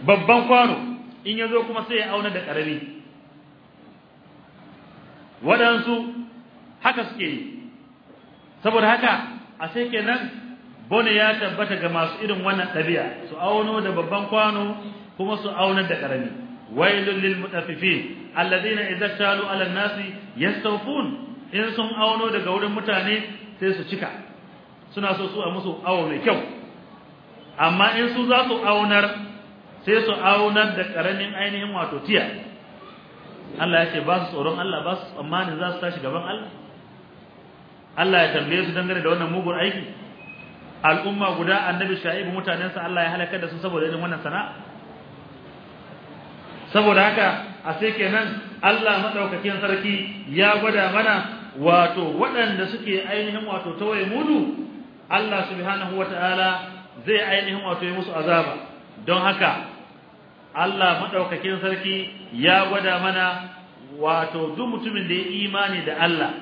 babban kwano in yazo kuma sai ya auna da karami wadansu haka suke yi saboda haka a sai kenan bone ya tabbata ga masu irin wannan ɗabi'a su auno da babban kwano kuma su aunar da karami wailul lil mutaffifin alladheena idza talu ala nasi yastawfun in sun auno daga wurin mutane sai su cika suna so su a musu awo mai kyau amma in su za su aunar sai su aunar da karamin ainihin wato tiya Allah ya ce ba su tsoron Allah ba su tsammanin za su tashi gaban Allah Allah ya tambaye su dangane da wannan mugun aiki al'umma guda annabi shaibu sa Allah ya halaka da su saboda irin wannan sana'a saboda haka a sai kenan Allah madaukakin sarki ya gwada mana wato waɗanda suke ainihin wato tawaye mudu Allah subhanahu wataala zai ainihin wato yi musu azaba don haka Allah madaukakin sarki ya gwada mana wato duk mutumin da ya imani da Allah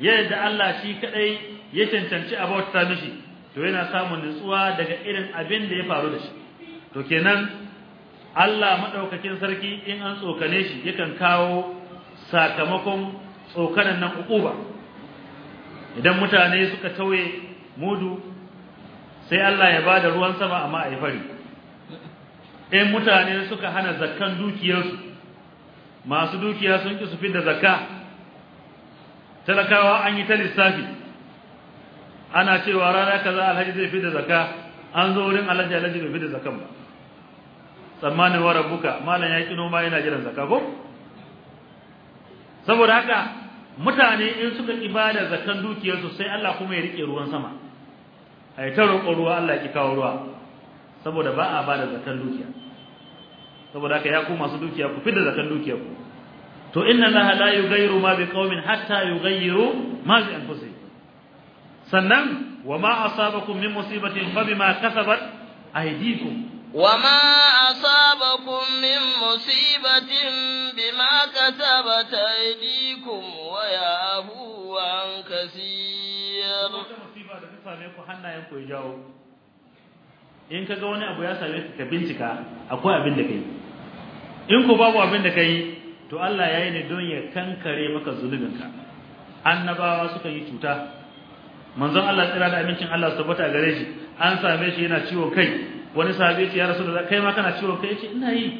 yadda Allah shi kadai ya cancanci a mishi to yana samun nutsuwa daga irin abin da ya faru da shi to kenan Allah madaukakin sarki in an tsokane shi yakan kawo sakamakon tsokanan nan ukuba idan mutane suka tauye mudu sai Allah ya bada ruwan sama amma ai fari in mutane suka hana zakkan dukiyarsu masu dukiya sun ki su da zakka talakawa an yi ta lissafi ana cewa rana kaza alhaji zai fita zakka an zo wurin alhaji alhaji bai fita zakkan ba tsammanin wa rabbuka malan yaki noma yana jiran zakka ko saboda haka mutane in suka ibada zakkan su sai Allah kuma ya rike ruwan sama ai ta roƙo ruwa Allah ya kawo ruwa saboda ba a bada zakkan dukiya saboda haka ya ku masu dukiya ku fita zakkan ku. to inna allaha la yughayyiru ma biqaumin hatta yughayyiru ma bi anfusihim sannan wa wama asabakum min musibatin fabima kasabat aydikum wama asabakum min musibatin bima kasabat aydikum wa yahu an kaseer musiba da ta ku hannayen ku ya jawo in kaga wani abu ya same ka bincika akwai abin da kai in ko babu abin da kai to Allah ya yi ne don ya kankare maka zulubinka annabawa suka yi cuta manzon Allah tsira da amincin Allah tabbata gare shi an same shi yana ciwon kai wani sahabi ya ce ya rasulullahi kai ma kana ciwon kai yace ina yi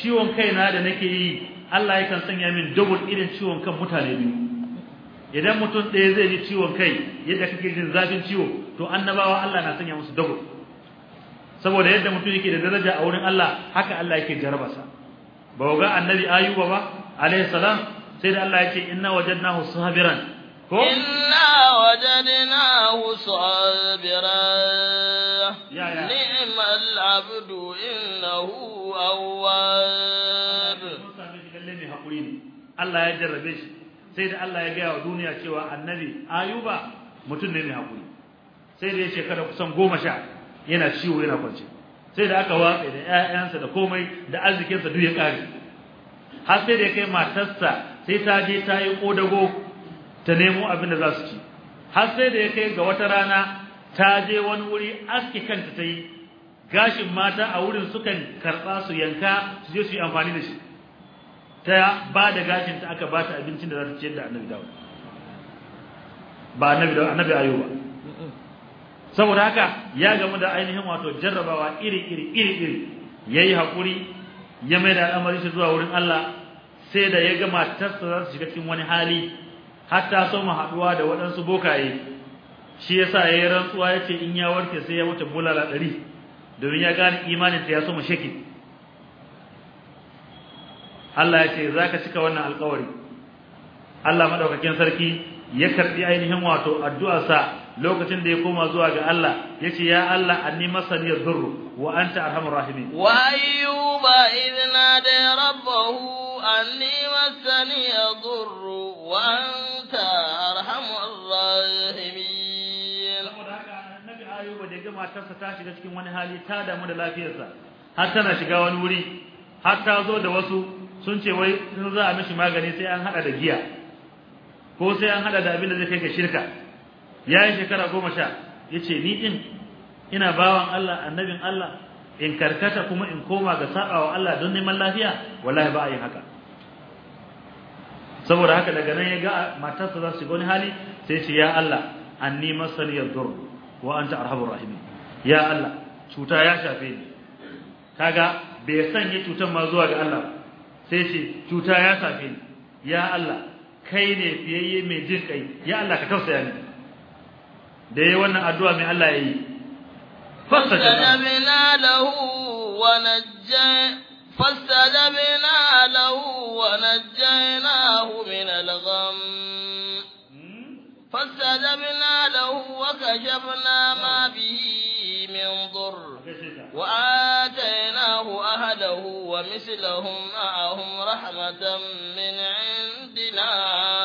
ciwon kai na da nake yi Allah yakan sanya min double irin ciwon kan mutane biyu idan mutum ɗaya zai yi ciwon kai yadda kake jin zafin ciwo to annabawa Allah na sanya musu double saboda yadda mutum yake da daraja a wurin Allah haka Allah yake jarabarsa ba ga annabi ayuba ba alayhi salam sai da Allah ya ce inna wajadnahu sabiran ko inna wajadnahu sabiran ni'mal abdu innahu awwab Allah ya jarrabe shi sai da Allah ya ga wa duniya cewa annabi ayuba mutum ne mai hakuri sai da ya shekara kusan 10 yana ciwo yana kwance sai da aka watsa da ƴaƴansa da komai da arzikinsa duk ya kare har sai da kai matarsa sai ta je ta yi kodago ta nemo abin da za su ci har sai da kai ga wata rana ta je wani wuri aski kanta ta yi gashin mata a wurin sukan karɓa su yanka su je su yi amfani da shi ta ba da gashin ta aka ba ta abincin da za ta ciyar da annabi dawo ba annabi dawo annabi ayuba ba saboda haka ya gamu da ainihin wato jarrabawa iri iri iri iri yayi hakuri ya mai da al'amari shi zuwa wurin Allah sai da ya gama matarsa shi shiga cikin wani hali hatta so mu haduwa da waɗansu bokaye shi yasa yayi rantsuwa yace in ya warke sai ya wuce bulala 100 domin ya gane imanin ta ya so mu shake Allah ya ce zaka cika wannan alƙawari Allah madaukakin sarki ya karbi ainihin wato addu'arsa lokacin da ya koma zuwa ga Allah yace ya Allah anni masaniyar dhurru wa anta arhamur rahimin wa ayyuba idna da rabbahu anni masaniyar dhurru wa anta arhamur rahimin saboda haka ayyuba da jama'a tarsa ta shiga cikin wani hali ta damu da lafiyarsa har tana shiga wani wuri har ta zo da wasu sun ce wai in za a mishi magani sai an hada da giya ko sai an hada da abin da zai kai ga shirka yayi shekara goma sha yace ni din ina bawan Allah annabin Allah in karkata kuma in koma ga sabawa Allah don neman lafiya wallahi ba a yi haka saboda haka daga nan ya ga matarsa za su gani hali sai ce ya Allah anni masani yadur wa anta arhamur rahimin ya Allah cuta ya shafe ni kaga bai sanya cutar ma zuwa ga Allah sai ce cuta ya shafe ni ya Allah kai ne fiyayye mai jin kai ya Allah ka tausaya ni da yayin wannan addu'a mai Allah yayi fastajabna lahu wa najjay fastajabna lahu wa najjaynahu min al-gham fastajabna lahu wa kashafna ma bihi min dhurr wa ataynahu ahlahu wa mislahum ma'ahum rahmatan min 'indina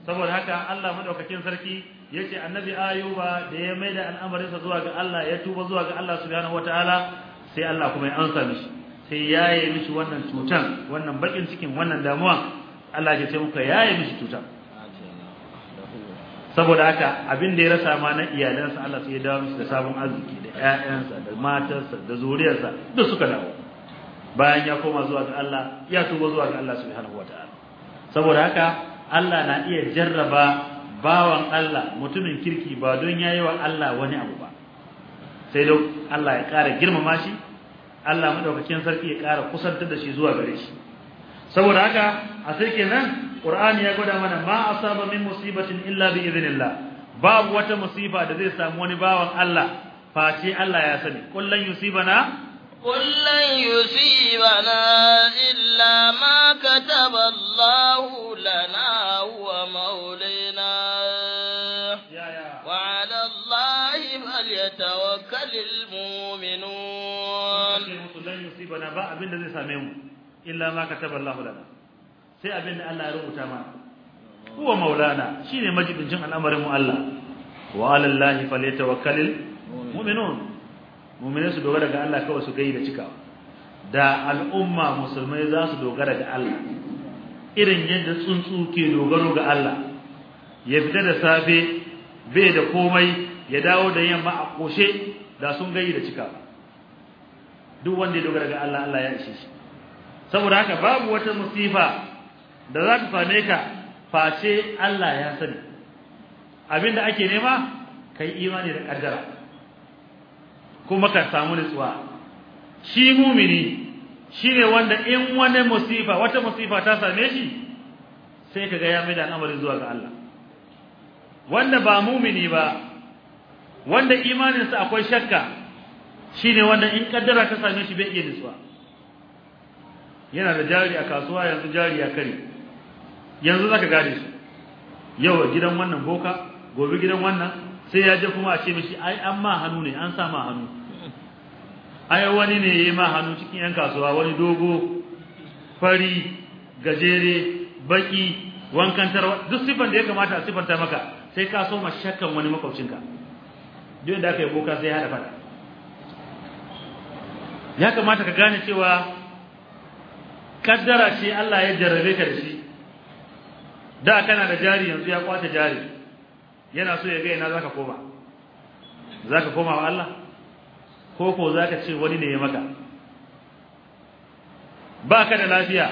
saboda haka Allah madaukakin sarki yace annabi ayuba da ya maida al'amarinsa zuwa ga Allah ya tuba zuwa ga Allah subhanahu wataala sai Allah kuma ya ansa mishi sai yaye mishi wannan cutan wannan bakin cikin wannan damuwa Allah ya ce muka yaye mishi cutan saboda haka abin da ya rasa ma na iyalansa Allah sai ya dawo mishi da sabon arziki da ƴaƴansa da matarsa da zuriyarsa duk suka dawo bayan ya koma zuwa ga Allah ya tuba zuwa ga Allah subhanahu wataala saboda haka Allah na iya jarraba bawan Allah mutumin kirki ba don yayi wa Allah wani abu ba sai don Allah ya ƙara girmama shi Allah madaukakin sarki ya ƙara kusantar da shi zuwa gare shi saboda haka a sai kenan Qur'ani ya gwada mana ma asaba min musibatin illa bi idhnillah babu wata musiba da zai samu wani bawan Allah face Allah ya sani kullan yusibana قل لن يصيبنا إلا ما كتب الله لنا هو مولينا وعلى الله فليتوكل المؤمنون لن يصيبنا ba abin da zai same mu illa ma kataba sai abin da Allah ya rubuta mana huwa maulana shine majibincin al'amarin mu Allah wa 'ala falyatawakkalul mu'minun mu'minai su dogara ga Allah kawai su gaida cikawa da al'umma musulmai za su dogara ga Allah irin yadda tsuntsu ke dogaro ga Allah ya fita da safe bai da komai ya dawo da yamma a koshe da sun gaida cikawa duk wanda ya dogara ga Allah Allah ya ishe shi saboda haka babu wata musifa da za ta same ka face Allah ya sani abinda ake nema kai imani da kaddara kuma ka samu nutsuwa shi mumini shine wanda in wani musifa wata musifa ta same shi sai kaga ya mai da amarin zuwa ga Allah wanda ba mumini ba wanda imaninsa akwai shakka shine wanda in kaddara ta same shi bai iya nutsuwa yana da jari a kasuwa yanzu jari ya kare yanzu zaka gane shi yau gidan wannan boka gobe gidan wannan sai ya je kuma a ce mishi ai ma hannu ne an sa ma hannu ai wani ne yayi ma hannu cikin yan kasuwa wani dogo fari gajere baki wankan duk sifan da ya kamata a sifanta maka sai ka so mashakkan wani makwabcinka duk da aka yi boka sai ya hada fada ya kamata ka gane cewa kaddara ce Allah ya jarrabe ka da shi da kana da jari yanzu ya kwata jari yana so ya ga ina zaka koma zaka koma wa Allah ko ko zaka ce wani ne ya maka baka da lafiya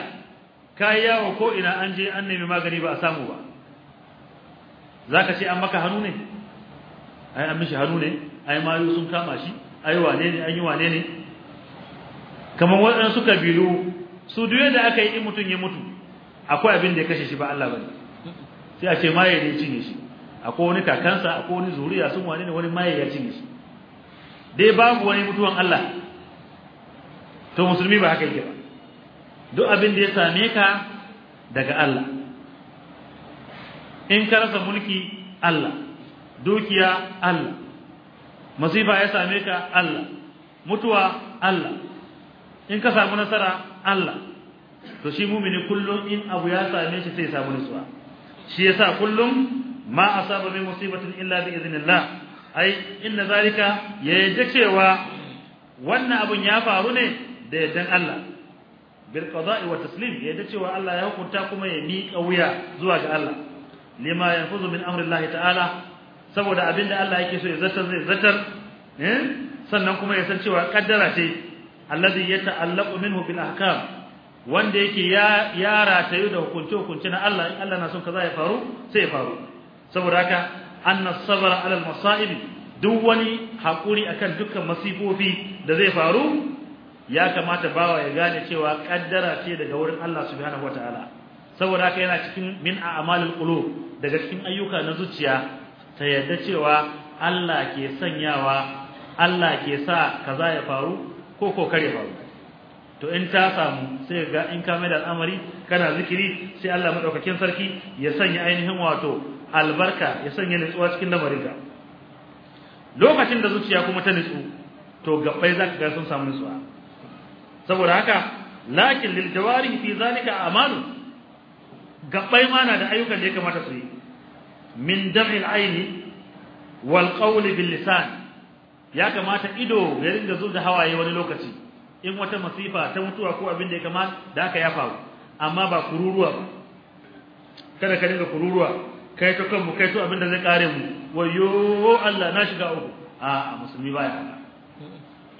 kai yawo ko ina an je an nemi magani ba a samu ba zaka ce an maka hannu ne ai an mishi hannu ne ai mayu sun kama shi ai wane ne an yi wane ne kamar suka kabilu su duye da aka yi in ya mutu akwai abin da ya kashe shi ba Allah bane sai a ce maye ne cinye shi akwai wani kakansa akwai wani zuriya sun wane ne wani maye ya cinye shi dai babu wani mutuwan Allah to musulmi ba haka yake ba duk abin da ya same ka daga Allah in ka rasa mulki Allah dukiya Allah masifa ya same ka Allah mutuwa Allah in ka samu nasara Allah to shi mu'mini kullum in abu ya same shi sai ya samu nasara shi yasa kullum ma asaba min musibatin illa bi idhnillah ai inna zalika ya yadda cewa wannan abun ya faru ne da yaddan Allah bil qada'i wa taslim ya yadda cewa Allah ya hukunta kuma ya miƙa wuya zuwa ga Allah lima yanfuzu min amri Allah ta'ala saboda abinda Allah yake so ya zartar zai zartar eh? sannan kuma ya san cewa kaddara ce alladhi yata'allaqu minhu bil ahkam wanda yake ya yara tayu da hukunce hukunce na Allah in Allah na son kaza ya faru sai ya faru saboda haka anna sabra ala al duk wani hakuri akan dukkan masifofi da zai faru ya kamata bawa ya gane cewa kaddara ce daga wurin Allah subhanahu wataala saboda haka yana cikin min a'malul qulub daga cikin ayyuka na zuciya ta yadda cewa Allah ke sanyawa Allah ke sa kaza ya faru ko ko kare faru to in ta samu sai ga in ka mai da al'amari kana zikiri sai Allah madaukakin sarki ya sanya ainihin wato albarka ya sanya nutsuwa cikin ka lokacin da zuciya kuma ta nutsu to gabbai zaka ga sun samu nutsuwa saboda haka lakin lil jawarihi fi zalika amanu gabbai ma na da ayyukan da ya kamata su yi min dam'il aini wal qawl bil lisan ya kamata ido ya ringa zuwa hawaye wani lokaci in wata masifa ta mutuwa ko abin da ya kamata da aka ya faru amma ba kururuwa ba kada ka dinga kururuwa kai to kanmu kai to abinda zai kare mu wayo Allah na shiga uku a musulmi baya haka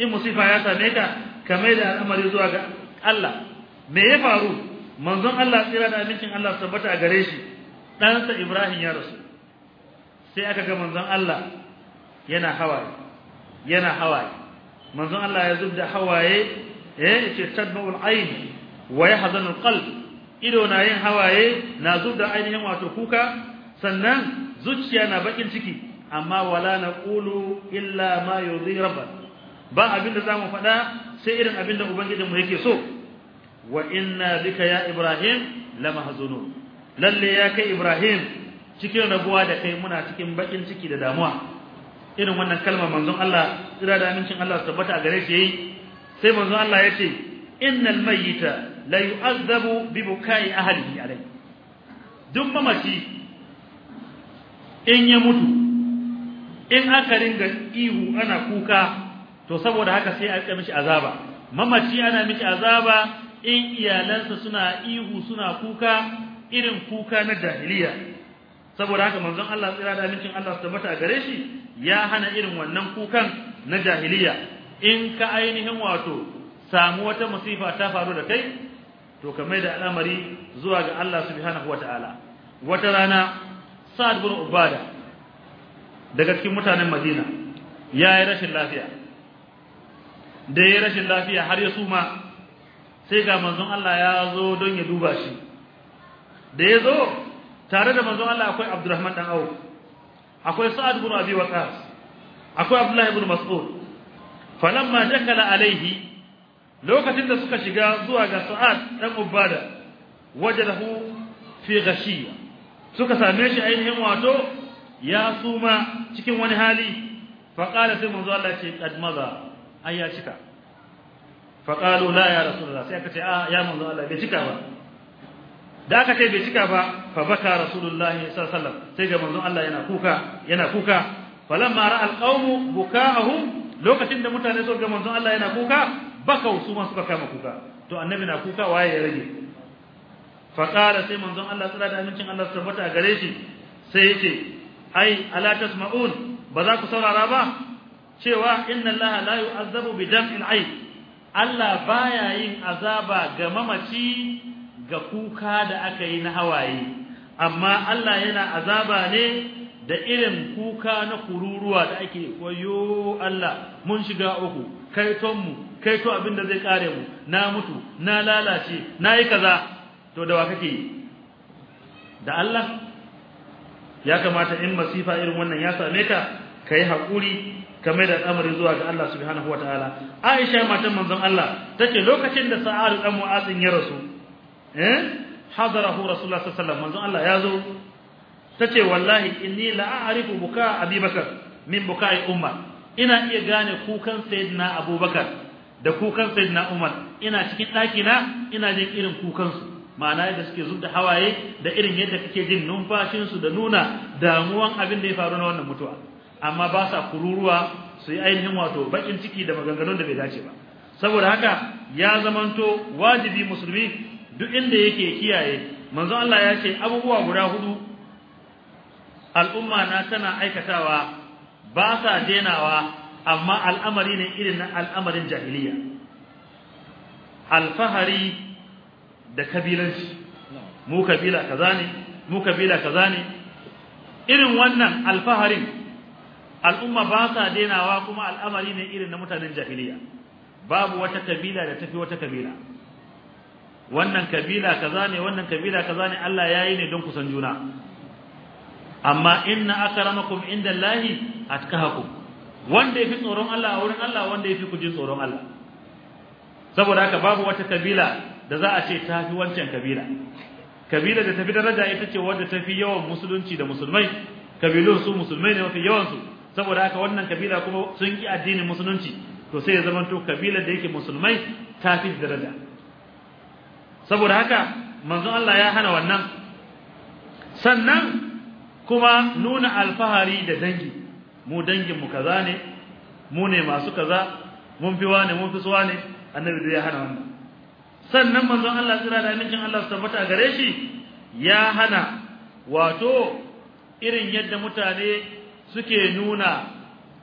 in musifa ya same ka kamar da al'amari zuwa ga Allah me ya faru manzon Allah tsira da amincin Allah tabbata a gare shi ɗansa Ibrahim ya rasu sai aka ga manzon Allah yana hawaye yana hawaye manzon Allah ya zubda hawaye eh yace tadma'ul ayn wa al qalb ido na yin hawaye na zubda ainihin wato kuka sannan zuciya na bakin ciki amma wala naqulu illa ma yuzi rabbana ba abinda zamu faɗa sai irin abinda ubangijinmu yake so wa inna bika ya ibrahim lamahzunun lalle ya kai ibrahim cikin rabuwa da kai muna cikin bakin ciki da damuwa irin wannan kalmar manzon Allah ira da amincin Allah tabbata a gare shi yayi sai manzon Allah yace innal mayyita la yu'adhabu bi bukai ahlihi alai duk mamaci in ya mutu in aka ringa ihu ana kuka to saboda haka sai a mishi azaba mamaci ana mishi azaba in iyalansa suna ihu suna kuka irin kuka na jahiliya saboda haka manzon Allah tsira da amincin Allah su tabbata gare shi ya hana irin wannan kukan na jahiliya in ka ainihin wato samu wata musifa ta faru da kai to kamar da al'amari zuwa ga Allah subhanahu wataala wata rana sa'ad bin ubada daga cikin mutanen madina yayi rashin lafiya da yayi rashin lafiya har ya suma sai ga manzon Allah ya zo don ya duba shi da ya zo tare da manzon Allah akwai Abdurrahman dan Awu akwai Sa'ad bin Abi Waqas akwai Abdullah ibn Mas'ud falamma dakala alaihi lokacin da suka shiga zuwa ga Sa'ad dan Ubada wajadahu fi ghashiya suka same shi ainihin wato ya suma cikin wani hali fa qala sai manzo Allah ce qad maza ai ya cika fa qalu la ya rasulullah sai aka ce a ah, ya manzo Allah bai cika ba da aka ce bai cika ba fa baka rasulullah sallallahu alaihi wasallam sai ga manzo Allah yana kuka yana kuka falamma ra'a alqawm bukaahum lokacin da mutane suka ga manzo Allah yana kuka baka su ma suka kama kuka to annabi na kuka waye ya rage faqala sai manzon Allah sallallahu da wasallam Allah tabbata gare shi sai yace ai ala tasma'un ba za ku saurara ba cewa inna Allah la yu'azzabu bi dam'il ayn Allah baya yin azaba ga mamaci ga kuka da aka yi na hawaye amma Allah yana azaba ne da irin kuka na kururuwa da ake wayo Allah mun shiga uku kai ton mu kai to abin da zai kare mu na mutu na lalace nayi kaza to da wa kake yi da Allah ya kamata in masifa irin wannan ya same ka kai hakuri mai da al'amari zuwa ga Allah subhanahu wataala Aisha matan manzon Allah tace lokacin da sa'ar dan mu'azin ya rasu eh hadarahu Rasulullah sallallahu alaihi wasallam manzon Allah ya zo tace wallahi inni la a'rifu buka Abi Bakar min bukai umma ina iya gane kukan sayyidina Abubakar da kukan sayyidina Umar ina cikin daki na ina jin irin kukan su ma'ana yadda suke zubda hawaye da irin yadda kake jin numfashin su da nuna damuwan abin da ya faru na wannan mutuwa amma ba sa kururuwa su yi ainihin wato bakin ciki da maganganun da bai dace ba saboda haka ya zamanto wajibi musulmi duk inda yake kiyaye manzo Allah ya ce abubuwa guda hudu al'umma na tana aikatawa ba sa denawa amma al'amari ne irin na al'amarin jahiliya alfahari da kabilanci mu kabila kaza ne mu kabila kaza ne irin wannan alfaharin al'umma ba sa denawa kuma al'amari ne irin na mutanen jahiliya babu wata kabila da tafi wata kabila wannan kabila kaza ne wannan kabila kaza ne Allah yayi ne don kusan juna amma inna akramakum indallahi atqahakum wanda yafi tsoron Allah a wurin Allah wanda yafi kujin tsoron Allah saboda haka babu wata kabila da za a ce ta fi wancan kabila kabila da tafi daraja ita ce wanda tafi yawan musulunci da musulmai kabilun su musulmai ne mafi yawan su saboda haka wannan kabila kuma sun ki addinin musulunci to sai ya zama to kabilar da yake musulmai ta fi daraja saboda haka manzon Allah ya hana wannan sannan kuma nuna alfahari da dangi mu dangin mu kaza ne mu ne masu kaza mun fi wane mun fi suwa ne annabi da ya hana wannan sannan manzon Allah tsira da amincin Allah su tabbata gare shi ya hana wato irin yadda mutane suke nuna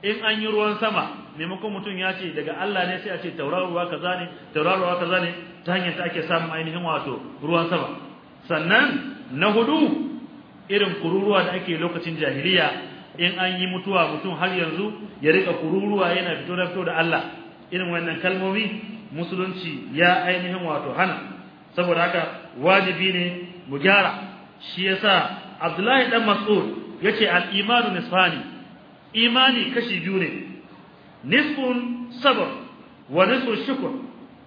in an yi ruwan sama maimakon mutum ya ce daga Allah ne sai a ce tauraruwa kaza ne tauraruwa kaza ne ta hanyar ta ake samun ainihin wato ruwan sama sannan na hudu irin kururuwa da ake lokacin jahiliya in an yi mutuwa mutum har yanzu ya rika kururuwa yana fito fito da Allah irin wannan kalmomi musulunci ya ainihin wato hana saboda haka wajibi ne mu gyara shi yasa Abdullahi dan Mas'ud yace al-imanu nisfani imani kashi biyu ne nisfun sabr wa nisfu shukr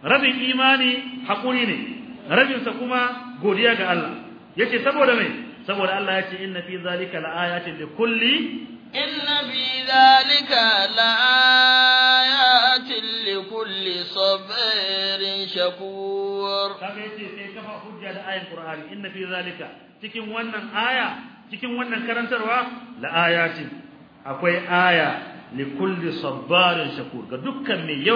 rabin imani hakuri ne rabin sa kuma godiya ga Allah yace saboda mai saboda Allah yace inna fi zalika laayatin likulli inna fi zalika laayatin shakur yace sai kafa hujja da ayan qur'ani inna fi zalika cikin wannan aya cikin wannan karantarwa la ayatin akwai aya likulli kulli sabbarin shakur ga dukkan mai